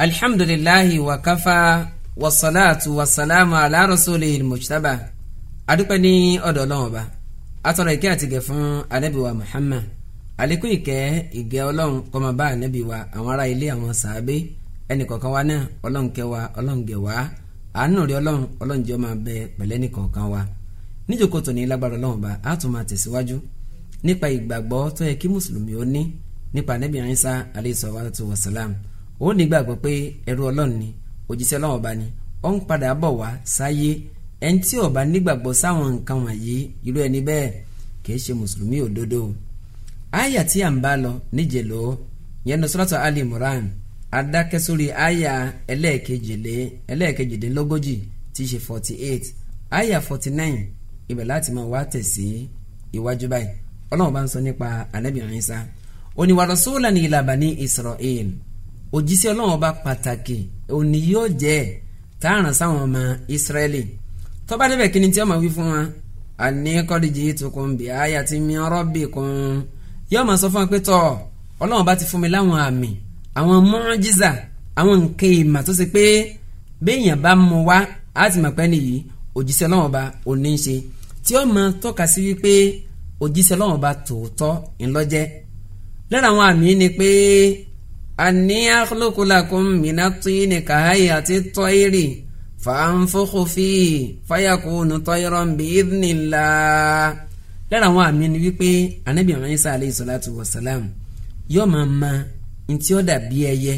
alhamdulilahi wa kafa wasalaatu wasalaamu ala rasulihi mujtaba adúpẹ́ ní ọ̀dọ̀ ọlọ́run ọba atọ́rọ̀ ìkẹ́ àtìgẹ̀ fún ànábì wa muhammad àlékún ìkẹ́ ìgẹ́ ọlọ́run kó máa bá ànábì wa àwọn ará ilé àwọn sàábé ẹnì kọ̀ọ̀kan wa náà ọlọ́run kẹ́ wa ọlọ́run gẹ̀ wá àánú rí ọlọ́run ọlọ́run jẹ́ máa bẹ pẹ̀lẹ́ ẹnì kọ̀ọ̀kan wa níjókòtò ní lágbára ọlọ́run ọba á tún nípa ìgbàgbọ́ tó yẹ kí mùsùlùmí ó ní nípa ànábì Ìsá alayhi salatu wa salam ó nígbàgbọ́ pé ẹrú ọlọ́run ni òjíṣẹ́ ọlọ́run ọba ni ó ń padà bọ̀ wá sáyé ẹni tí ó bá nígbàgbọ́ sáwọn nǹkan wọ̀nyí irú ẹni bẹ́ẹ̀ kìí ṣe mùsùlùmí òdodo àyà tí à ń bá lọ níjèlò yẹn ní sọ́tọ̀ Ali Imran adákẹ́ sórí àyà ẹlẹ́ẹ̀kejìlé ẹlẹ́ẹ̀kejìdínlógójì tí í ṣe forty eight àyà forty nine ibẹ̀ láti máa wá tẹ̀sí iwájú báyìí ọlọ́run bá ń sọ nípa Ànábì Ìsá ó ní wa rasulan ila bani òjíṣẹ́ ọlọ́run ọba pàtàkì òní yóò jẹ́ tààràn sáwọn ọmọ ìsírẹ́lì tó bá débẹ̀ kí ni tí ó máa wí fún wọn àní kọ́díjì tukùn bí àyà ti mi ọ̀rọ̀ bì kún yóò máa sọ fún wọn pé tọ́ ọlọ́run ọba ti fún mi láwọn àmì àwọn mọ́ọ́jísà àwọn nǹkan ìmà tó ṣe pé béèyàn bá mú wá á ti mọ̀ pé nìyí òjíṣẹ́ ọlọ́run ọba òní ń ṣe tí ó máa tọ́ka sí wípé òjíṣẹ́ ọlọ́run ọba tòótọ́ ńlọ́jẹ́ anni akhluqu lakum minat tini kahayati tayri fàánfókò fíì fáyàkùnù tọ́yọ̀rọ̀ bí ìdínilá. lára àwọn àmì ni wípé anabi àwọn isa aleyhi salatu wa salam yóò máa ma ntí ó dàbí ẹyẹ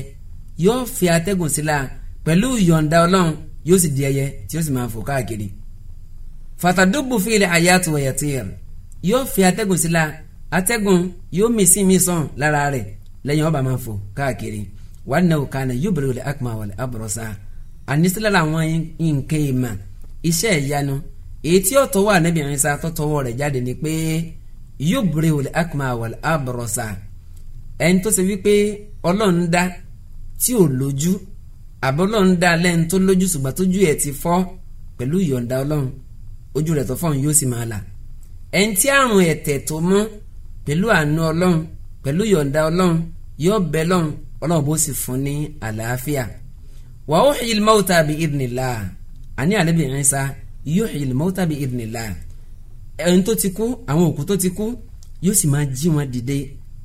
yóò fi atẹ́gùn sílá pẹ̀lú yọ̀ǹda ọlọ́run yóò sì di ẹyẹ tí yóò sì máa fò káàkiri. fàtàdúgbò fíìlì àyàtò ẹ̀yàtìyàn yóò fi atẹ́gùn sílá atẹ́gùn yóò mì sí mi sàn lára rẹ̀ lẹ́yìn ọba máa fò káàkiri wàá nà òkànnà yóò bẹ̀rẹ̀ wọlé akma wọlé abọ́rọ̀sá ànísílẹ̀ làwọn nǹkan ìmọ̀ iṣẹ́ ìyanu èyí tí ó tọwọ́ ànábì Ìsá tó tọwọ́ rẹ̀ jáde ni pé yóò bẹ̀rẹ̀ wọlé akma wọlé abọ́rọ̀sá ẹni tó ṣe wípé ọlọ́run dá tí ò lójú àbọ̀ ọlọ́run dá lẹ́ni tó lójú ṣùgbọ́n tójú ẹ̀ ti fọ́ pẹ̀lú ìyọ̀ǹda ọlọ́run ojú rẹ̀ tó fọ́n yóò sì máa là ẹni tí àrùn ẹ̀tẹ̀ tó mú pẹ̀lú àánú ọlọ́run pẹ̀lú yọ̀ǹda ọlọ́run yóò bẹ lọ́run ọlọ́run bó sì fún ní àlàáfíà wà ó xìl mọ́wútà bí ìdìnnìlá àní ànábì Ìsá yóò xìl mọ́wútà bí ìdìnnìlá ẹni tó ti kú àwọn òkú tó ti kú yóò sì máa jí wọn dìde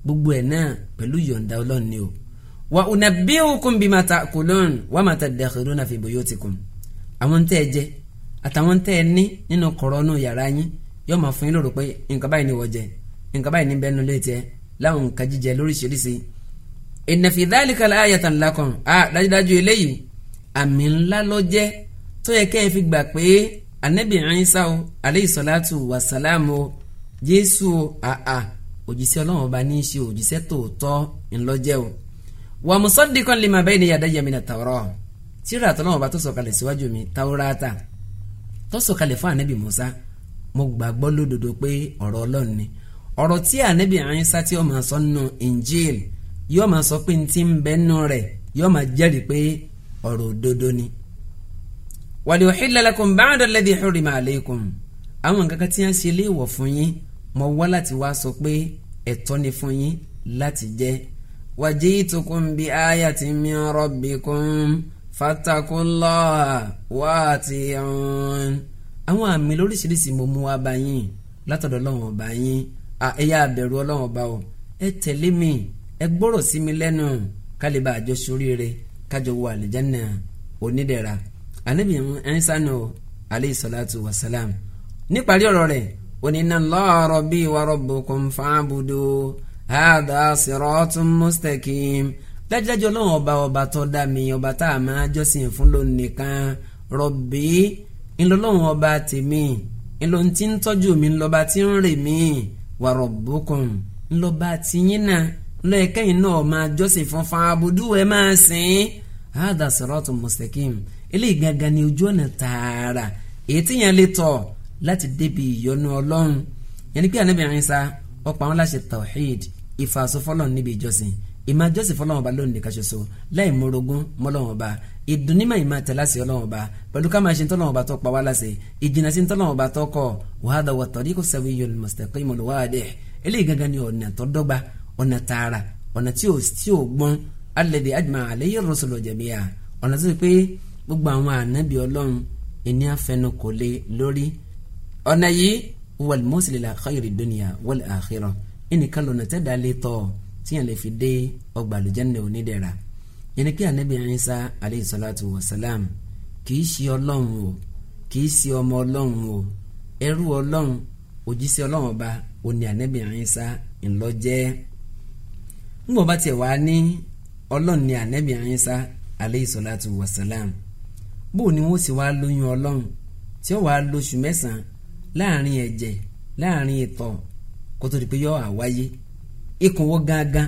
gbogbo ẹ̀ náà pẹ̀lú yọ̀ǹda ọlọ́run ni o wà unabbi'ukum bima ta'kulun wà má ta dakhiruna fi buyutikum àwọn tẹ́ ẹ jẹ àtàwọn tẹ́ ẹ ní nínú kọ̀rọ̀ nù yàrá yín yóò máa fún yín lóru pé nǹkan báyìí ni wọ́n jẹ nǹkan báyìí ni bẹ́ẹ̀ nu létí láwọn nǹkan jíjẹ lóríṣiríṣi inna fi dhalika la ayatan lakum a dájúdájú eléyìí àmì ńlá ló jẹ́ tó yẹ kẹ́ ẹ fi gbà pé anabi Isa o aleyhi salatu wa salamu o jésù o àà òjíṣẹ́ ọlọ́run ọba ní í ṣe òjíṣẹ́ tòótọ́ ńlọ́jẹ́ o wa musaddiqan lima bayna yadayya mina tawrah tíra àtọ́lọ́wọ́n bá tó sọ̀kalẹ̀ síwájú mi Taurata tó sọ̀kalẹ̀ fún anabi Musa mo gbàgbọ́ lódodo pé ọ̀rọ̀ ọlọ́run ni ọ̀rọ̀ tí ànábì Ìsá tí ó máa sọ nù Injil yóò máa sọ pé ntí ń bẹ nù rẹ̀ yóò máa jẹ́rìí pé ọ̀rọ̀ òdodo ni. wa li uhilla lakum ba'da alladhi hurrima alaykum àwọn nǹkan kan tí wọ́n ṣe léèwọ̀ fún yín mo wá láti wá sọ pé ẹ̀tọ́ ni fún yín láti jẹ. wa ji'tukum bi ayatin min rabbikum fattaqullaha wa ati'un. àwọn àmì lóríṣiríṣi mo mú wá bá yín látọ̀dọ̀ Ọlọ́run ọba yín ẹ̀yà àbẹ̀rù ọlọ́run ọba o ẹ tẹ̀lé mi ẹ gbọ́rọ̀ sí mi lẹ́nu kálíbà àjọ soríire kájọ wọ àlìjánà onídẹ̀ra anabi ẹnsánù aleyhi salatu wa salam níparí ọ̀rọ̀ rẹ̀ oníná lọ́ọ̀rọ̀ bíi wàrọ̀ bùkún fáàbùdó hàdà sírọ́tún mustaqim dájúdájú ọlọ́run ọba ọba tó dá mi ọba tá a máa jọ́sìn fún lónìí nìkan rọ̀bì ńlọ́lọ́run ọba tèmi ńlọ́ntì ń tọ́jú mi ńlọba tí ń rè mí wa rabbukum ńlọba tìyín náà lọ́ọ̀kẹ́yìn náà máa jọ́sìn fún fàábùdù ẹ̀ máa sìn hada siratu mustaqim eléyìí gangan ni ojú ọ̀nà tààrà èyí yẹn lè tọ̀ láti débi ìyọ́nú ọlọ́run yẹn ni pé ànábì Ìsá ó pa wọ́n láṣẹ tawhid ìfàsọ́fọ́lọ́run níbi ìjọsìn ìmájọ́sìn fọ́lọ́run ọba lónìí nìkan ṣoṣo láì mórogún mọ́lọ́run ọba ìdúnímọ̀ ìmọ̀ àtẹ̀láṣẹ ọlọ́run ọba pẹ̀lú ká máa ṣe ntọ́lọ́run ọba tó pa wá láṣẹ ìjìnà sí ntọ́lọ́run ọba tó kọ̀ wàhádà wà tọ́rí kò sẹ́wọ́ iyọ̀ mọ̀sítẹ́kọ́ ìmọ̀lú wáàdẹ̀ eléyìí gangan ni ọ̀nà tó dọ́gba ọ̀nà tààrà ọ̀nà tí ò tí ò gbọ́n alẹ́dẹ̀ àjùmọ̀ àlẹ́yẹ rọ́sọ̀lọ̀ jẹ̀míyà ọ̀nà tó ti pé gbogbo àwọn ànábì ọlọ́run ẹni la khayri dunya wal akhirah ẹnìkan lọ́nà tẹ́dàá lé tọ́ tíyẹn yẹn kí anabi Isa aleyhi salatu wa salam kìí ṣe ọlọ́run o kìí ṣe ọmọ ọlọ́run o ẹrú ọlọ́run òjíṣẹ́ ọlọ́run ọba òní anabi Isa ńlọjẹ́ ńgbọ́n bá tiẹ̀ wá ní ọlọ́run ní anabi Isa aleyhi salatu wa salam bóò ni wọ́n sì wá lóyún ọlọ́run tí ó wàá lóṣù mẹ́sàn-án láàrin ẹ̀jẹ̀ láàrin ìtọ̀ kó di pé yọ àwáyé ikùn wọ́n gángan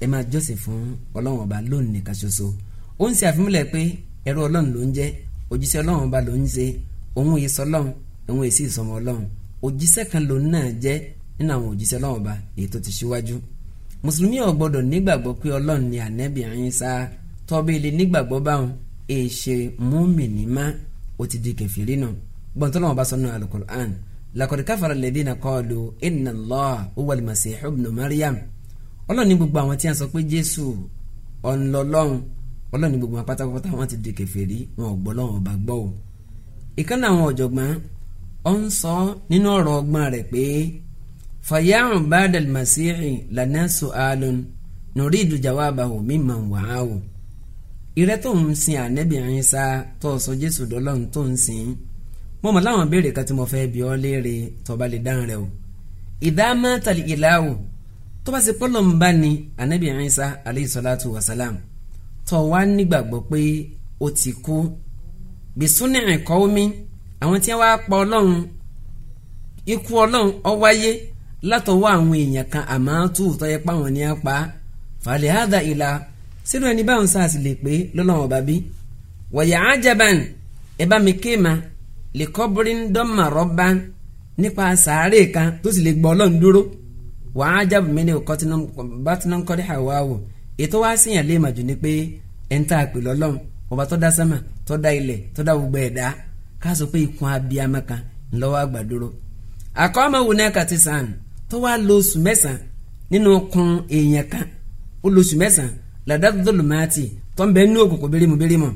ẹ máa jọ́sìn fún ọlọ́run ọba lónìí nìkan ṣoṣo ó ń ṣe àfimúlẹ̀ pé ẹrú ọlọ́run ló ń jẹ́ òjíṣẹ́ ọlọ́run ọba ló ń ṣe òun èso ọlọ́run òun èsì ìsọmọ ọlọ́run òjíṣẹ́ kan lòun náà jẹ́ nínú àwọn òjíṣẹ́ ọlọ́run ọba èyí tó ti ṣíwájú mùsùlùmí ò nígbàgbọ́ pé ọlọ́run ni ànẹ́bì àyín sá tọ́bí ilé nígbàgbọ́ báwọn èṣe múmìnì má ó ti di kẹfìrí nù gbọ̀ntọ́lọ́wọ́n bá sọ́nù al-Qur'an laqad kafara alladhina qalu inna Allah huwa al-Masih ibn Maryam ọlọ́run ní gbogbo àwọn tí a sọ pé jésù ọ̀nlọ́lọ́run ọlọ́run ní gbogbo apátápátá wọn ti di kèfèrí wọn ò gbọ́ lọ́wọ́n ọba gbọ́ o ìkànnì àwọn ọ̀jọ̀gbọ́n ọ ń sọ nínú ọ̀rọ̀ ọgbọ́n rẹ̀ pé fàyàrùn bàdàl màsíhì lànà sùhàlùn nùrí ìdùjàwá àbàwò mímọ̀ wàhálù ìrẹ́ tó ń sin ànẹ́bì Ìsá tó sọ jésù dọ́lọ́run tó ń sin mo mọ̀ láwọn béèrè kan tí mo fẹ́ bi ọ́ léèrè tó lè dáhùn rẹ̀ o ìdá mọ́tàlì ìlà tó bá ṣe pọ́lọ̀ ń bá ní anabi Isa aleyhi salatu wa salam tó wá nígbàgbọ́ pé ó ti kú bìsúnì ẹ̀kọ́ omi àwọn tí wàá pa ọlọ́run ikú ọlọ́run ó wáyé látọwọ́ àwọn èèyàn kan àmọ́ tóòtọ́ yẹ pa wọ́n ní apá fàlẹ́ hádà ìlà sínú ẹni báwọn sáà sì lè pé lọ́lọ́wọ́n bàbí wọ̀yà ájàbàn ẹ bá mi kéèmà lè kọ́ bíríndọ́mà rọ́bà nípa sàárè kan tó sì lè gbọ́ ọlọ́run dúró wàá jábù mí ní bátínà kọ́dí hàwáwò ètò wá síyàn lè màjù ni pé ẹ̀ ń tà pè lọ́lọ́run ọba tó dá sẹ́mà tó dá ilẹ̀ tó dá gbogbo ẹ̀dá ká sọ pé ikùn abiyamọ kan ńlọ́wọ́ àgbàdúró àkọ́mọ̀wò náà kàti sàn tó wá lo oṣù mẹ́sàn-án nínú kun èèyàn kan ó lo oṣù mẹ́sàn-án làdáàtò tó lùmáàtì tó ń bẹ nínú òkùnkùn bírímù bírímù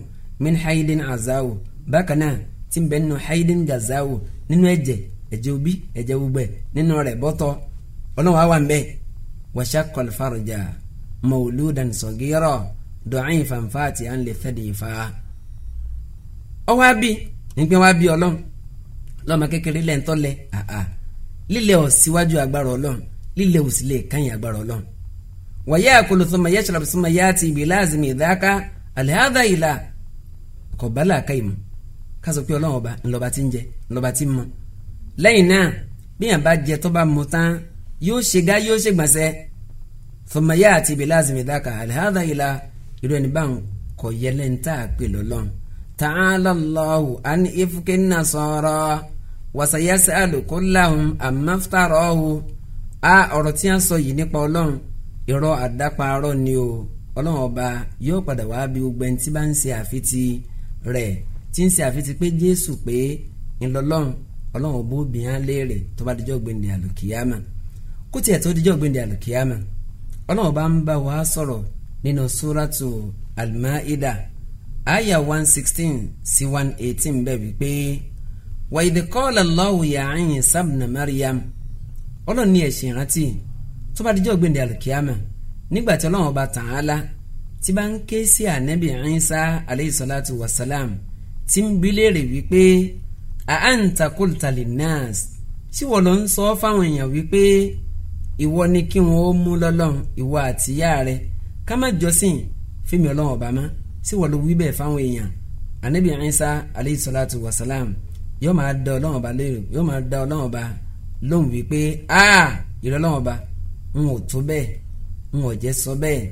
min haidin azawo bákan náà tí ń bẹ nínú haidin gazawo nínú ẹ̀jẹ̀ ẹ̀jẹ̀ òbí ẹ̀jẹ̀ gbogbo ẹ̀ nínú rẹ̀ bọ́tọ̀ ọlọ́run wá wà ń bẹ́ wàṣà kọlfàrọ̀jà mọ̀lúdàn sọ̀gírọ̀ dọ̀ọ́yìn fanfa àti à ń lè fẹ́ dèéfà. ọwọ́ àbí nígbà wá bí ọlọ́run lọ́mọ kékeré lẹ́ńtọ́ lẹ àà lílẹ̀ ò síwájú agbára ọlọ́run lílẹ̀ ò sì lè kányìn agbára ọlọ́run. wàyà àkọlù sọmọ yẹ ṣọlọ sọmọ yẹ àti ìbí láàzìmì ìdáká àlẹ́hàdà ìlà kò bá làákà pé ọlọ́run ọba ńlọba ti ń jẹ ńlọba ti ń mọ. lẹ́yìn náà bí yàn bá jẹ tó bá mu tán yóò ṣe dá yóò ṣe gbọ̀nsẹ̀ fọmọyà àti ibi láàzìmí dáka àlehàdà ìlà irú ẹni bá ń kọ yẹlẹ ń tà pé lọ́lọ́n tààlà lọ́hùn àní ìfúkẹ́ ń nà sọ̀rọ̀ wàsàyàsẹ́ àlùkò làwọn àmàfitàrọ̀hù a ọ̀rọ̀ tí a sọ yìí nípa ọlọ́run irọ́ àdáparọ́ ni o ọlọ́run ọba yóò padà wá bí gbogbo ẹni tí bá ń ṣe àfitì rẹ̀ tí ń ṣe àfitì pé Jésù pé ńlọlọ́run ọlọ́run ọba obìnrin á léèrè tó bá dijọ́ gbẹ̀ndẹ̀ àlùkìyàmà kó tiẹ̀ tó dijọ́ gbẹ̀ndẹ̀ àlùkìyàmà ọlọ́run bá ń bá wa sọ̀rọ̀ nínú suratu al-Maida aya one sixteen sí one eighteen bẹ́ẹ̀ bí pé wa idh qala Allahu ya Isa ibn Maryam ọlọ́run ní ẹ̀sìn ìrántí tó bá dijọ́ gbẹ̀ndẹ̀ àlùkìyàmà nígbà tí ọlọ́run bá Ta'ala tí bá ń ké sí ànábì Isa alayhi salatu wa salam tí ń bi léèrè wípé àáǹtakùltalin nas tí wọ́n lọ ń sọ fáwọn èèyàn wípé ìwọ ni kí wọn ó mú lọ́lọ́run ìwọ àtìyá rẹ ká má jọ́sìn fíìmù ọlọ́run ọba má sí wọ́n ló wí bẹ́ẹ̀ fáwọn èèyàn anabi Isa alayhi salatu wa salam yóò máa da ọlọ́run ọba lóyún yóò máa da ọlọ́run ọba lóhùn wípé aa ìrẹ́ ọlọ́run ọba n ò tó bẹ́ẹ̀ n ò jẹ́ sọ bẹ́ẹ̀.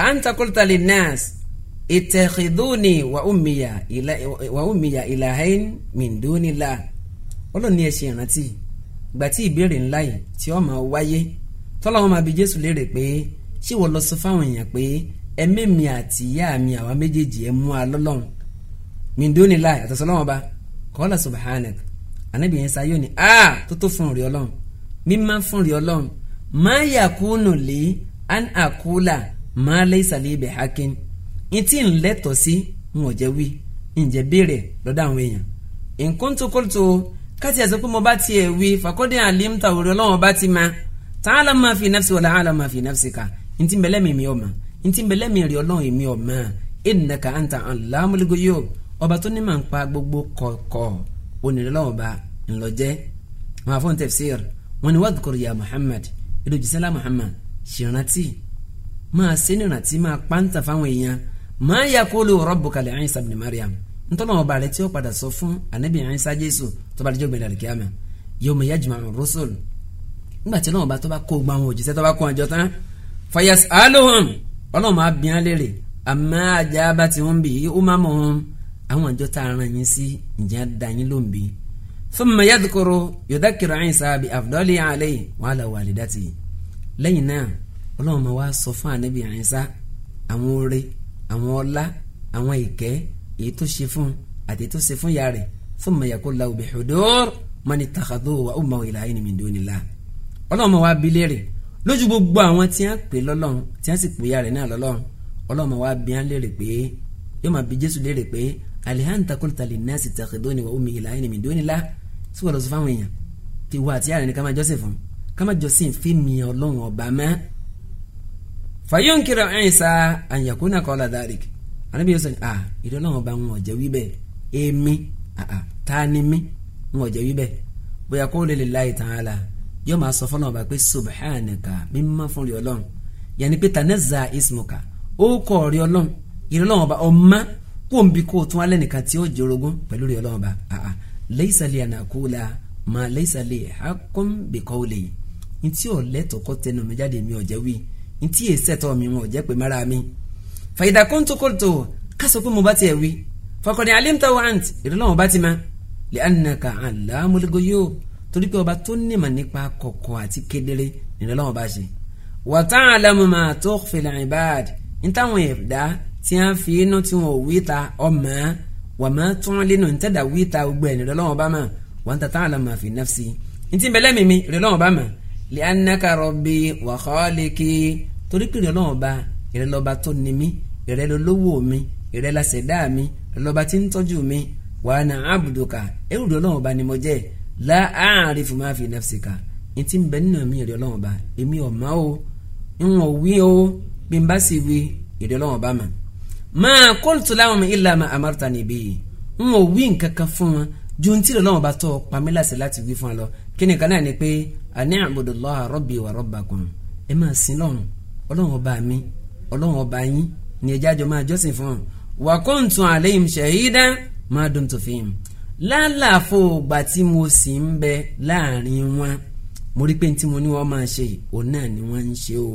à ń takọ́lítà lè nas ìtẹ̀kìdúnì wà ummiya ilahayn min dunillah ṣe ìrántí gbà tí ìbéèrè ńlá yìí tí ó máa wáyé tọ́lá wọn máa bi jésù léèrè pé ṣé wọ́n lọ sọ fáwọn èèyàn pé ẹ mẹ́mi àti ìyá mi àwa méjèèjì ẹ mú alọ́lọ́run mindoni láì àtọ̀sọ́ lọ́wọ́n ba kọ́lá subhanak anabi yẹn sáyé òní a tó tó fún rí ọlọ́run mímá fún rí ọlọ́run máa yà kúnnù lé an àkúlà máa lé ìsàlẹ̀ ibẹ̀ hakin ìtì ńlẹ́tọ̀ sí ń wọ̀jẹ̀ wí ǹjẹ́ béèrè lọ́dọ̀ àwọn èèyàn nǹkan tó kọ́lù tó Kati ẹ̀ sọ pé mo bá tiẹ̀ wí fàkọ́dé àlím tàwòrán ọlọ́wọ́n bá ti ma tààlà máa fi nafsi wàlà àlà máa fi nafsi ka ntí mbẹ́lẹ́ mi mi ọ̀ma ntí mbẹ́lẹ́ mi rí ọlọ́wọ́n mi ọ̀ma innaka anta allamul ghuyub ọba tó ní màá ń pa gbogbo kọ̀ọ̀kọ̀ onírẹ́lọ́wọ́n bá ńlọjẹ́ wọn àfọ̀n tafsir wọn ni wadhkur ya Muhammad ìdòjìsẹ́lá Muhammad ṣèrántí máa ṣe nírántí máa pàǹtà fáwọn èèyàn rabbuka li Maryam ntọ́nà ọba rẹ̀ tí ó padà sọ fún anabi Ìsá Jésù tó bá dijọ́ gbẹ̀dẹ̀ àlùkìyàmẹ́ yóò mọ̀ yájú màrún rọ́sọ̀l nígbà tí ọlọ́wọ́n bá tó bá kó gba àwọn òjíṣẹ́ tó bá kó àjọ tán fayas alohun ọlọ́wọ́n máa bí wọn léèrè àmọ́ ajá bá ti wọn bì í ó má mọ̀ wọn àwọn àjọ tá a ràn yín sí ǹjẹ́ dayin ló ń bì í fún mi yá dukoro yọ̀dá kìrọ̀ Ìsá bí afdọ́lì alẹ́ wàhálà wàlídàtì lẹ́yìn náà ọlọ́wọ́n máa wá sọ fún anabi Ìsá àwọn oore àwọn ọlá àwọn ìkẹ́ èyí tó ṣe fún àti èyí tó ṣe fún ìyá rẹ̀ thumma yaqulu bihudur man ittakhadhuhu wa ummuhu ilahin min dunillah ọlọ́mọ wa bi léèrè lójú gbogbo àwọn tí wọ́n pè lọ́lọ́run tí wọ́n sì pè ìyá rẹ̀ náà lọ́lọ́run ọlọ́mọ wa bi wọ́n léèrè pé yóò máa bi Jésù léèrè pé alihanta qulta linnasi ittakhiduni wa ummi ilahin min dunillah tí wọ́n lọ sọ fáwọn èèyàn ti wá àti àrẹ̀ ní ká máa fún ká máa fi mi ọlọ́run ọba mẹ́. fàyọ̀nkìrọ̀ ẹ̀yìn sá àyànkúnà kọ́lá dárìkì anabi yẹn sọ ni ah ìdí ọlọ́run bá ń ọ̀jẹ̀ wí bẹ́ẹ̀ èmi ah ta ni mí ń ọ̀jẹ̀ wí bẹ́ẹ̀ bóyá kó lè lè láì tàn án la yóò máa sọ fọlọ́run bá pé subhanaka mímọ́ fún rí ọlọ́run yẹnni pé tanaza ismuka ó kọ̀ rí ọlọ́run ìdí ọlọ́run bá ọmọ kó n bí kó tún alẹ́ nìkan tí ó jorogún pẹ̀lú rí ọlọ́run bá ah lẹ́yìísàlẹ̀ ànàkúlà mà lẹ́yìísàlẹ̀ àkọ́ńbẹ̀kọ́wọlẹ̀ yìí ntí ọ̀lẹ́tọ̀kọ́ tẹnu mi jáde mi ọ̀jẹ̀ wí ntí èsẹ̀tọ̀ mi wọn ọ̀jẹ̀ pé mara mi fàyídà kóńtó kóńtó kásò pé mo bá tiẹ̀ wí fakọ̀dé alimta wa'ant ìrọ̀lọ́wọ́ bá ti ma lè anaka alamul guyub torí pé ọba tó nímọ̀ nípa kọ̀kọ̀ àti kedere ìrọ̀lọ́wọ́ bá ṣe wa ta'lamu ma tukhfil ibad nítawọn ẹ̀dá tí a fi inú tí wọn ò wí ta ọmọ wà má tún lẹ́nu ntẹ́dà wí ta gbogbo ẹ̀ bá ma wa anta ta'lamu fi nafsi ntí bẹ́lẹ́ mi mi bá ma lè anaka rabbi wa khaliqi torí pé ìrọ̀lọ́wọ́ ìrẹ lọba tó ni mí ìrẹ lolówó mi ìrẹ lasẹ̀dá mi lọba tí ń tọ́jú mi wàá na abuduka ẹrù rẹ ọlọ́wọ́n ni mo jẹ́ la aarifu ma fi ka ntí ń bẹ nínú mi ìrẹ ọlọ́wọ́n ba èmi ọ̀ma o ìwọ̀n wí o bí n bá sì wí ìrẹ ọlọ́wọ́n ba mà máa kóòtù láwọn mi ìlà ma amárùtà níbí ìwọ̀n wí nǹkan kan fún wọn ju ntí ìrẹ ọlọ́wọ́n ba tọ́ pamílàsì láti wí fún wọn lọ kí nìkan náà ni pé ani abudulayi rabbi wa rabbakum ẹ máa sin lọ́run ọlọ́run mi ọlọ́run ọba yín ni ẹjẹ́ àjọ máa jọ́sìn fún ọ wà kóńtùn àléhìn ṣẹ̀yídá máa dùn tó fi hàn lálàfo ògbà tí mo sì ń bẹ láàrin wọn mo rí pé tí mo ní wọn máa ṣe òun náà ni wọn ń ṣe o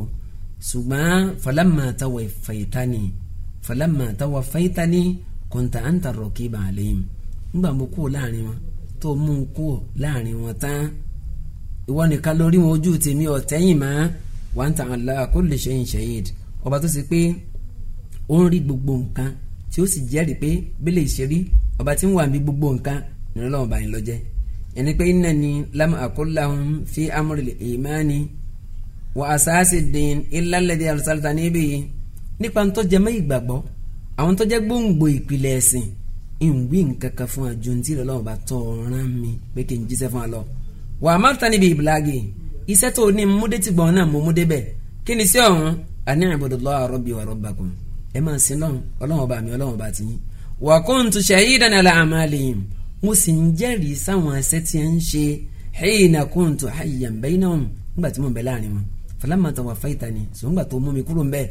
ṣùgbọ́n falama tawa fayitani falama tawa fayitani kọ̀ǹtà à ń tàrọ̀ kí ibà àléhìn nígbà mo kúrò láàrin wọn tó mú un kúrò láàrin wọn tán ìwọ nìkan lórí wọn ojú tèmi ọ̀tẹ́yìn máa wà ń tàn án lára kó lè ṣe ìṣẹ́yìn ọba tó ṣe pé ó ń rí gbogbo nǹkan tí ó sì jẹ́rìí pé bẹ́lẹ̀ ìṣeré ọba tí ń wà ní gbogbo nǹkan nínú ọlọ́run bá yín lọ jẹ́ ẹni pé iná ni lam akullahum fi amúrìlẹ̀ ìmáàní wà àsáàsì dín ilálẹ́dí alùsálùtà níbí yìí nípa ń tọ́jà mọ́ ìgbàgbọ́ àwọn tọ́jà gbòǹgbò ìpìlẹ̀ ẹ̀sìn ìwé nǹkan fún àjò ntí lọ́wọ́ bá tọ́ ọ̀ràn mi pé kí n jíṣẹ́ fún wa lọ. wà á má ta níbi ìbìlágì iṣẹ́ tó ní múdé ti gbọ̀n náà mo múdé bẹ̀ kí ni sí ọ̀hún ani ibudullaha rabbi wa rabbakum ẹ máa sin lọ́hùn ọlọ́hùn ọba mi ọlọ́hùn ọba ti yín wa kuntu shahidan ala amalihim mo sì ń jẹ́rìí sáwọn ẹsẹ̀ tí ń ṣe hina kuntu hayyan bainahum nígbà tí mo ń bẹ láàrin wọn falamma tawaffaytani ṣùgbọ́n gbà tó mú mi kúrò ń bẹ́ẹ̀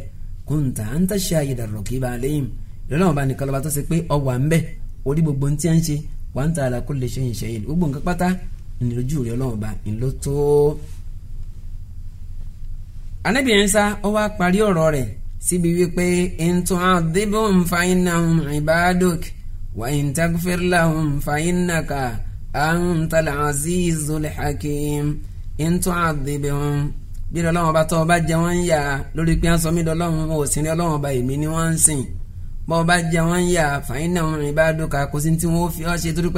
kunta anta shahida raqiba alayhim lọ́lọ́wọ́n bá nìkan lọ́ba tó ṣe pé ọwà ń bẹ̀ orí gbogbo ntí à ń ṣe wà ń ta àlàkó lè ṣe ìṣe gbogbo nǹkan pátá ìnìlójú rẹ̀ ọlọ́wọ́n bá ńlọ anabi Isa ó wá parí ọ̀rọ̀ rẹ̀ síbi wípé ntun adébọ̀n fàyínà ìbádọ́k wà ìntàgfẹ́rẹ́là fàyínà ká àǹtàlà azizul hakim ntun adébọ̀n bí ọlọ́wọ́n bá tọ́ ọba jẹ wọ́n ń yà lórí pé wọ́n sọ mí lọ́lọ́wọ́n ò sí ní ọlọ́wọ́n ọba èmi ni wọ́n ń sìn bọ́ ọba jẹ wọ́n ń yà fàyín náà rìn kó sí tí wọ́n fi ọ́ ṣe torí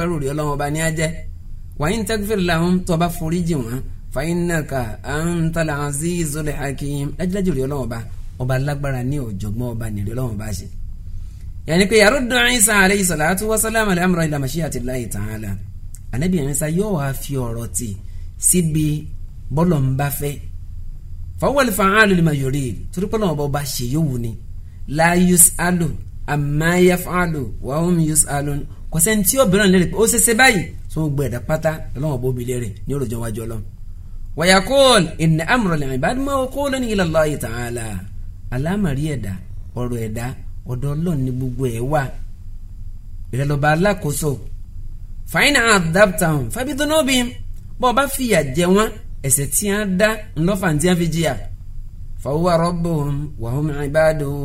Fainaka innaka antal azizul hakim dájúdájú rí ọlọ́wọ́n ba ọba alágbára ní ọ̀jọ̀gbọ́n ọba nìrí ọlọ́wọ́n ba ṣe. yàní pé yaruddu Isa alayhi salatu wa salam ala amra ila mashiatillahi la anabi Isa yóò wá fi ọ̀rọ̀ tì síbi bọ́lọ̀ ń bá fẹ́ fawwal fa'alu lima yurid torí pé ọlọ́wọ́n ọba ṣe yóò wù ni la yus'alu amma yaf'alu wa hum yus'alun kò sẹ́ni tí ó bẹ̀rẹ̀ ó ṣe ṣe báyìí tó ń pátá ọlọ́wọ́n wàyàkóòl ìnà amúrọ̀lẹ̀ ìbádìí máa kóòlù ní ila Allah ta'ala alámàrí ẹ̀dá ọ̀rọ̀ ẹ̀dá ọ̀dọ̀ Ọlọ́run ni gbogbo ẹ̀ wà ìrẹ̀lọ́ba alákòóso fàyínà àdàptàn fàbídọ́nọ́bì bọ́ ọ bá fìyà jẹ wọ́n ẹ̀ṣẹ̀ tí a dá ńlọ́fà tí a fi jìyà fàwọ́wà rabbuhum wa hum ibaduhu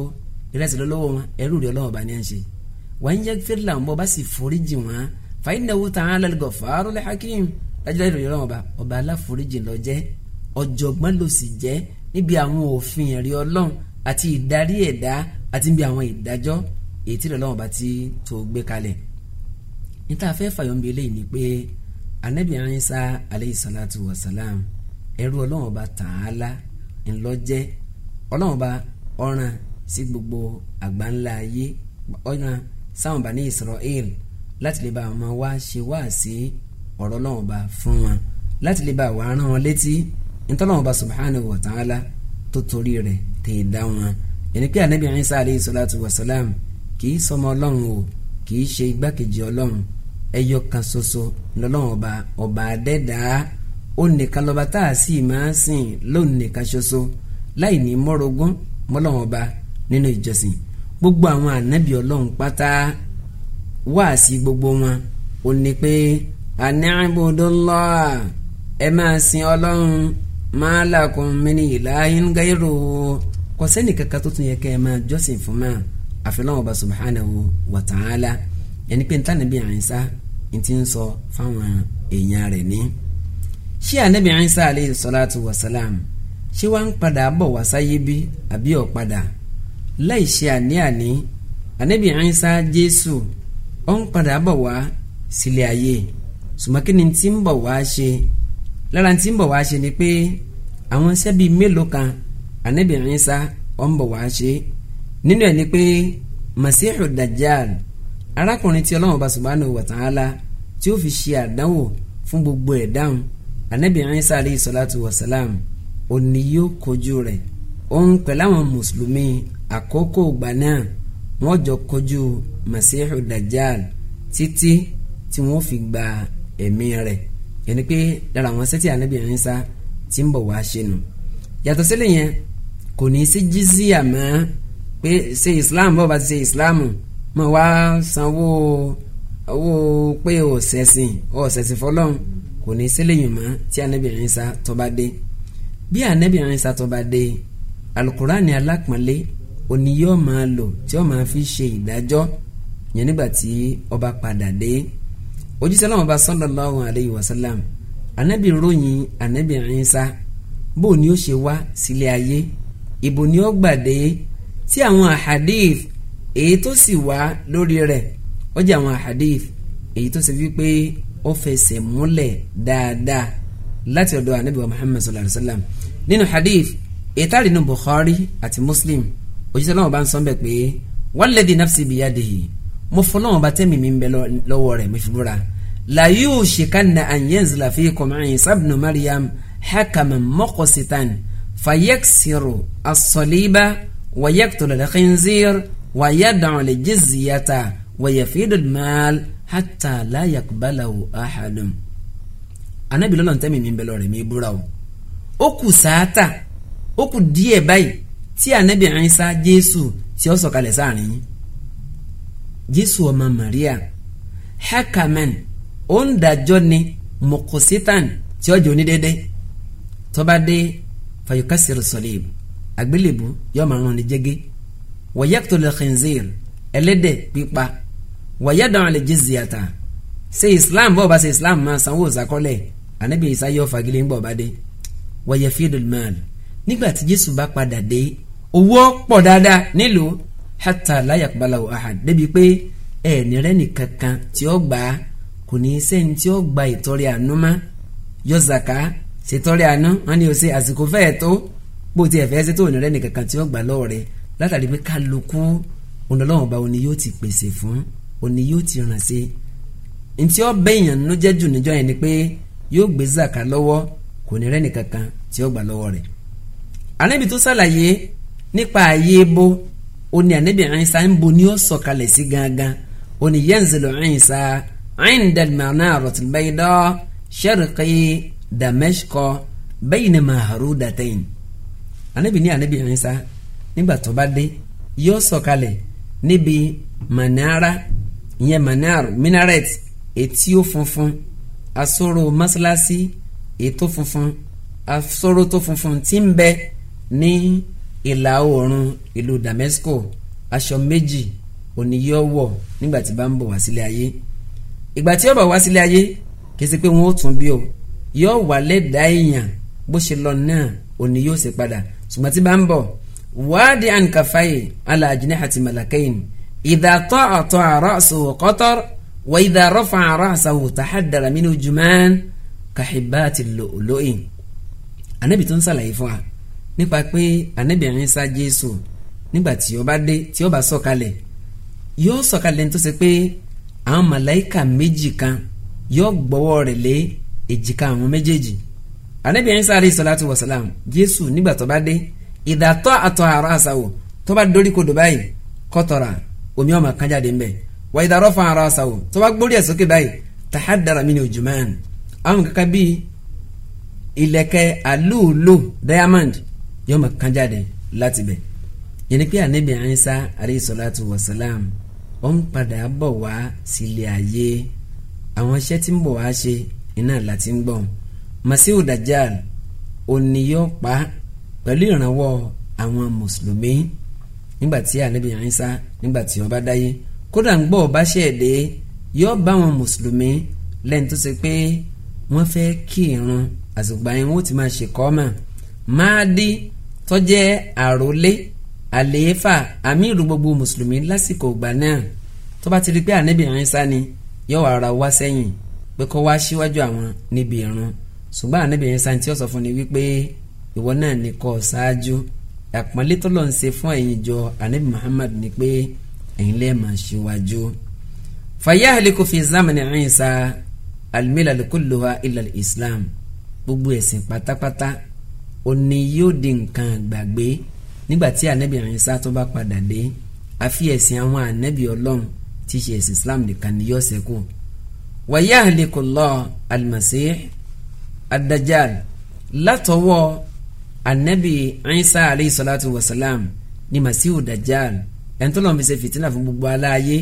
ìrẹsì lọ́wọ́ wọn ẹrú rẹ̀ Ọlọ́run bá ní à ń ṣe wọ́n yẹ fẹ́rẹ́ bọ́ ọ bá sì foríjì wọn fàyínà wò tàn án lẹ́lẹ́gọ̀ dájúdájú ìròyìn ọlọ́run ọba ọba aláforíjì ló jẹ́ ọ̀jọ̀gbọ́n ló sì jẹ́ níbi àwọn òfin ẹ̀rí ọlọ́run àti ìdarí ẹ̀dá àti níbi àwọn ìdájọ́ èyí tí ọlọ́run ọba ti tó gbé kalẹ̀ níta fẹ́ fàyọ̀mí eléyìí ni pé anabi arinsa aleyhi salatu wa salam ẹrú ọlọ́run ọba tààlà ńlọ́jẹ́ ọlọ́run ọba ọ̀ràn sí gbogbo àgbáńlá ayé ọ̀ràn sáwọn bani Israel láti lè bá àwọn ọmọ wa ṣe wá sí ọ̀rọ̀ Ọlọ́run Ọba fún wọn láti lè bá wàá rán wọn létí ntọ́lọ́run Ọba subhanahu wa ta'ala tó torí rẹ̀ tè é dá wọn ẹni pé anabi Isa aleyhi salatu wa salam kì í sọmọ Ọlọ́run o kì í ṣe igbákejì Ọlọ́run ẹyọ kan ṣoṣo lọ́lọ́run Ọba Ọba adẹ́dàá ó nìkan lọ́ba tá a sì máa sìn lóun nìkan ṣoṣo láì ní mọ́rogún mọ́lọ́run Ọba nínú ìjọsìn gbogbo àwọn ànábì Ọlọ́run pátá wáàsí gbogbo wọn ó ní pé ani'budullah ẹ máa sin ọlọ́run máa làkùn mi ní ilahin gairu kò sẹ́ni kankan tó tún yẹ kẹ́ ẹ máa jọ́sìn fún máa àfẹ́lọ́wọ́n ọba subhanahu wa ta'ala yẹn pé níta níbi àyínsá n ti ń sọ fáwọn èèyàn rẹ̀ ní. ṣé ànábì àyínsá aleyhi salatu wa salam ṣé wàá ń padà bọ̀ wá sáyé bí àbí ọ̀padà láì ṣe àní-àní ànábì àyínsá jésù ó ń padà bọ̀ wá sílé ayé ṣùgbọ́n kí ni tí ń bọ̀ wá ṣe lára tí ń bọ̀ wá ṣe ni pé àwọn iṣẹ́ bíi mélòó kan Ànábì Ìsá ọ̀ ń bọ̀ wá ṣe nínú ẹ̀ ni pé Masihu Dajjal arákùnrin tí Ọlọ́run bá subhanahu wa ta'ala tí ó fi ṣe àdánwò fún gbogbo ẹ̀dáhùn Ànábì Ìsá alayhi salatu wa salam òní yóò kojú rẹ̀ òun pẹ̀lú àwọn mùsùlùmí àkókò ìgbà náà wọ́n jọ kojú Masihu Dajjal títí tí wọ́n fi gba ẹ̀mí rẹ̀ yẹn ni pé lára àwọn sẹ́tì ànábì Ìsá tí ń bọ̀ wá ṣe nù yàtọ̀ sílẹ̀ yẹn kò ní í sí jizíà mọ́ pé ṣe Islam bọ́ọ̀ bá ti ṣe Islam mọ̀ wá sanwó owó pé ọ̀sẹ̀sìn ọ̀sẹ̀sìn fọlọ́run kò ní í sílẹ̀ yìí mọ́ tí ànábì Ìsá tó bá dé bí ànábì Ìsá tó bá dé alukurani alápọ̀nlé òní yóò máa lò tí ó máa fi ṣe ìdájọ́ yẹn nígbà tí ó padà dé ojúṣe náà bá sallallahu alayhi wa sallam anabi ròyìn anabi Ìsá bó ni ó ṣe wá sílé ayé ibo ni ó gbàdé tí àwọn ahadith èyí tó sì wá lórí rẹ̀ ó jẹ́ àwọn ahadith èyí tó ṣe wípé ó fẹsẹ̀ múlẹ̀ dáadáa láti ọ̀dọ̀ anabi wa muhammad sallallahu alayhi wa sallam nínú hadith ìtàrí nínú bukhari àti muslim òjíṣẹ́ náà bá ń sọ bẹ́ẹ̀ pé walladhi nafsi biyadihi mo fọlọ́wọ́n bá tẹ́mi mi ń bẹ lọ́wọ́ rẹ̀ mi fi búra la yóò ṣe ká na anyanzila fi kọ́mọ̀ọ́yìn sábìnú mariam hakaman mọ́kọ́sítán fayẹ́kṣirò asọ̀líbá wayẹ́kùtòlẹ̀ xinzir wayẹ́dàwọ̀lẹ̀ jiziyata wayẹ́fídùn maal hata láyàkúbálàwò ahadum. anabi lọ́nà tẹ́mi mi ń bẹ lọ́wọ́ rẹ̀ mi búra o ó kù sáátà ó kù díẹ̀ báyìí tí anabi Ìsá Jésù tí ó sọ̀kalẹ̀ sáàrin yìí jésù ọmọ maria hakaman òǹdàjọ́ ni mokositan tí ọjọ́ onídéédé tọ́ba dé fayokasiru sọlẹ́m àgbélébù yọọ máa ń rán ni jẹ́gẹ́ wọ́yẹ́kítọ́lẹ̀ khinzir ẹlẹ́dẹ̀ pípa wọ́yẹ́dọ̀rọ̀ lè jiziyata ṣe islam bọ́ọ̀ bá ṣe islam máa sanwó ìsàkọ́lẹ̀ ànábì isa yọ fagilé ń bọ̀ bá dé wọ́yẹ́ fídùl máàlù nígbà tí jésù bá padà dé owó pọ̀ dáadáa nílùú hata láyàpàlàwò ahad débi pé ẹ̀ẹ̀nì rẹ̀ nìkankan tí ó gbà á kò ní í sẹ́ni tí ó gba ìtọrẹ àánú mọ́ yọ zaka ṣètọrẹ àánú wọn ni o ṣe àsìkò fẹ́ẹ̀ tó bó tiẹ̀ fẹ́ ṣe tó òní rẹ̀ nìkankan tí ó gbà lọ́wọ́ rẹ̀ látàrí pé kálukú ọlọ́run bá òní yóò ti pèsè fún òní yóò ti ràn sí ntí ó bẹ̀yàn ló jẹ́ jù níjọ́ yẹn ni pé yóò gbé zaka lọ́wọ́ kò ní rẹ̀ nìkankan tí ó gbà lọ́wọ́ rẹ̀ ó ní anabi Isa ń bo ní ó sọ̀kalẹ̀ sí gangan ó ní yanzilu Isa inda al-manarati al-bayda sharqi Damashqa bayna ma harudatayn anabi ní anabi Isa nígbà tó bá dé yóò sọ̀kalẹ̀ níbi manara ìyẹn manar minaret etí ó funfun asoro mọ́sálásí ètò funfun asoro tó funfun tí ń bẹ ní ìlà oòrùn ìlú Damasco aṣọ méjì òní yóò wọ̀ nígbà tí bá ń bọ̀ wá sílé ayé ìgbà tí ó bá wá sílé ayé kìsì pé wọn ó tún bí o yóò wà lẹ́dàá èèyàn bó ṣe lọ náà òní yóò ṣe padà ṣùgbọ́n tí bá ń bọ̀ wáàdì ànkàfàyè ala ajnihati malakayn idha ta'a ta'a ra'suhu qatar wa idha rafa'a ra'sahu tahaddara minhu juman kahibati lu'lu'in ànábì tó ń sàlàyé fún wa nípa pé ànábìrin sá Jésù nígbà tí ó bá dé tí ó bá sọ̀kalẹ̀ yóò sọ̀kalẹ̀ tó ṣe pé àwọn màláìka méjì kan yóò gbọ́wọ́ rẹ̀ lé èjìká àwọn méjèèjì ànábìrin sá alayhi salatu wa salam Jésù nígbà tó bá dé ìdàtọ̀ àtọ̀ àrọ̀ àṣàwò tó bá dorí kodò báyìí kọ́tọ̀ra omi ọmọ kan jáde ń bẹ̀ wà ìdàrọ̀ fún àrọ̀ àṣàwò tó bá gbórí ẹ̀ báyìí tahadara mi ni òjùmọ́ àwọn kankan bíi ilẹ̀kẹ̀ àlùlù diamond yóò máa kán jáde láti bẹ̀ yẹn ni pé ànábì salatu wa salam ó ń padà bọ̀ wá sílé ayé àwọn iṣẹ́ tí ń bọ̀ wá ṣe iná láti ń gbọ̀n Masihu Dajjal òní yóò pa pẹ̀lú ìrànwọ́ àwọn mùsùlùmí nígbàtí ànábì àyínsá nígbàtí ó bá dáyé kódà ń gbọ́ ọba ṣẹ̀dẹ̀ yóò bá àwọn mùsùlùmí lẹ́yìn tó ṣe pé wọ́n fẹ́ kí àsùgbà yẹn wọ́n ti máa ṣe kọ́ mà máa dí tó jẹ́ àròlé àlééfà amíru gbogbo mùsùlùmí lásìkò ìgbà náà tó bá ti rí pé ànábì Ìsá ni yóò wá ara wá sẹ́yìn pé kó wá síwájú àwọn níbi ìrun ṣùgbọ́n ànábì Ìsá tí ó sọ fún ni wípé ìwọ náà ni kó ṣáájú àpọ́nlé tó lọ ń ṣe fún ẹ̀yin jọ ànábì Muhammad ni pé ẹ̀yin lẹ́ẹ̀ máa ṣíwájú. fàyà àlékò fi zamani Ìsá alimílàlíkò lóha ilà islam gbogbo ẹ̀sìn pátápátá òní yóò di nǹkan gbàgbé nígbà tí ànábì Ìsá tó bá padà dé àfi ẹ̀sìn àwọn ànábì ọlọ́run tí ṣe ẹ̀sìn Islam nìkan ni yóò ṣẹ́kù wa yahliku Allah al-Masih ad-Dajjal látọwọ́ ànábì Ìsá alayhi salatu wa salam ni Masihu Dajjal ẹni tó lọ́n fi ṣe fìtínà fún gbogbo aláàyè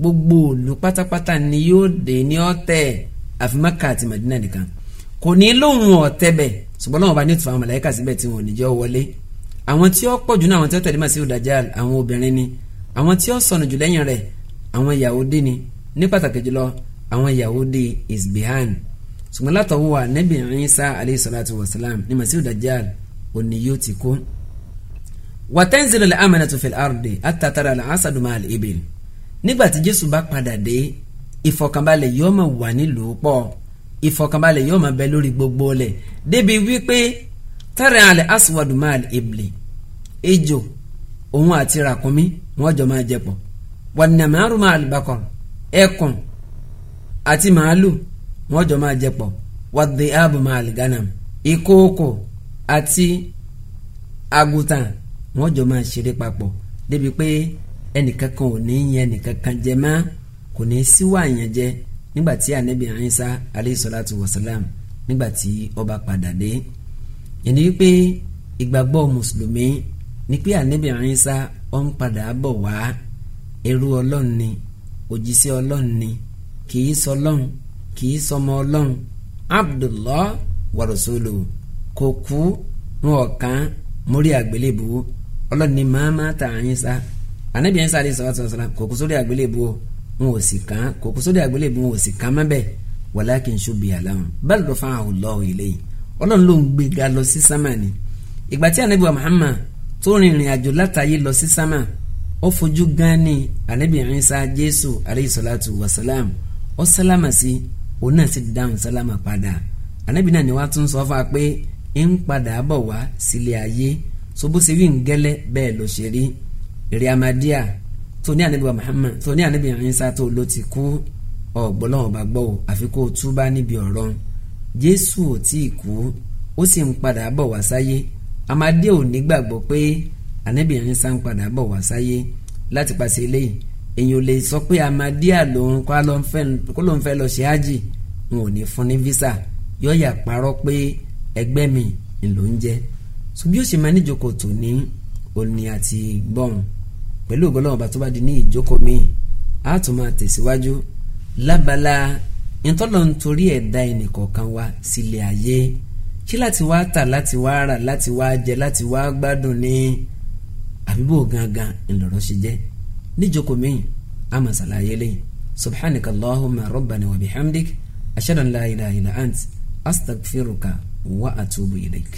gbogbo òlu pátápátá ni yóò dé ní ọ̀tẹ̀ àfi Mákà nìkan kò ní lóhùn ọ̀tẹ̀ bẹ́ẹ̀ ṣùgbọ́n náà wọ́n bá ní òtún àwọn màláíkà síbẹ̀ tí wọn ò ní jẹ́ wọlé àwọn tí ó pọ̀ jù náà àwọn tí ó tẹ̀lé Masihu Dajjal àwọn obìnrin ni àwọn tí ó sọnù jù lẹ́yìn rẹ̀ àwọn Yahudi ni ní pàtàkì jùlọ àwọn Yahudi Isbihan ṣùgbọ́n látọ̀wọ́ wa Nabi Isa alayhi salatu wa salam ní Masihu Dajjal òní yóò ti kú. wa tanzilu al-amanatu fil ardi hatta tara al-asadu ma'al ibil nígbà ìfọ̀kànbalẹ̀ yóò máa bẹ lórí gbogbo ọlẹ̀ débi wípé tẹ́rẹ̀ alẹ́ aswadumar ibli ejò òun àti ràkúnmí wọ́n jọ máa jẹ pọ̀ wànàmárùmá àlùbákọ̀ ẹkùn àti màálù wọ́n jọ máa jẹ pọ̀ wàdí àbùmá àlùgánàm ìkookò àti àgùtàn wọ́n jọ máa ṣeré papọ̀ débi pé ẹnìkankan ò ní yẹn ẹnìkankan jẹ mọ́ kò ní síwáàyàn jẹ nígbà tí anabi Isa alayhi salatu wa nígbà tí ó bá padà dé yẹn wípé ìgbàgbọ́ mùsùlùmí ni pé anabi Isa ó ń padà bọ̀ wá ẹrú ọlọ́run ni òjíṣẹ́ ọlọ́run ni kìí sọ ọlọ́run kìí sọmọ ọlọ́run abdullah warasolo kò kú wọn ọ̀kan mórí àgbélébùú ọlọ́run ni màmá ta Isa anabi Isa alayhi salatu wasalam kò kú sórí àgbélébùú o wọn ò sì kàn kòkó sódì àgbélébùú wọn ò sì kàn mẹ́bẹ̀ walakin shubbiha lahum bal rafa'ahu Allahu ilayhi ọlọ́run ló ń gbé ga lọ sí sámà ni ìgbà tí anabi Muhammad tó rin ìrìn àjò látàyè lọ sí sámà ó fojú gan ni anabi Isa Jésù alayhi wa salam ó sálámà sí òun náà sì dáhùn sálámà padà anabi náà ni wàá tún sọ fún wa pé ń padà bọ̀ wá sílé ayé so bó wí ń gẹ́lẹ́ bẹ́ẹ̀ ló ṣe rí eré amadíà tó ní ànábì wa Muhammad tó ní ànábì Ìsá tó ló ti kú ọ̀gbọ́lọ́wọ́ bá gbọ́ àfi kó túbá níbi ọ̀rọ̀ Jésù ò tí ì kú ó sì ń padà bọ̀ wá sáyé amadé ò nígbàgbọ́ pé ànábì Ìsá ń padà bọ̀ wá sáyé láti pàṣẹ eléyìí èyàn ò lè sọ pé amadé àlòun kó ló ń fẹ́ lọ ṣe ájì n ò ní fún ní visa yọ̀ọ̀yà parọ́ pé ẹgbẹ́ mi ló ń jẹ́ so bí ó ṣe máa níjókòó tòní òní àti gbọ́n pẹ̀lú ògbọ́lọ́wọ́n bá tó bá di ní ìjókòó mi á tún máa tẹ̀síwájú lábala ìtọ́lọ̀ ń torí ẹ̀dá ẹnìkọ̀ọ̀kan wa sílẹ̀ ayé kí láti wá tà láti wá rà láti wá jẹ láti wá gbádùn ní àbíbò gangan ńlọrọ ṣe jẹ́ níjókòó mi á máa ṣàlàyé lẹ́yìn subhanaka allahumma rabbana wa bihamdik ashhadu la ilaha illa ant astaghfiruka wa atubu ilayk.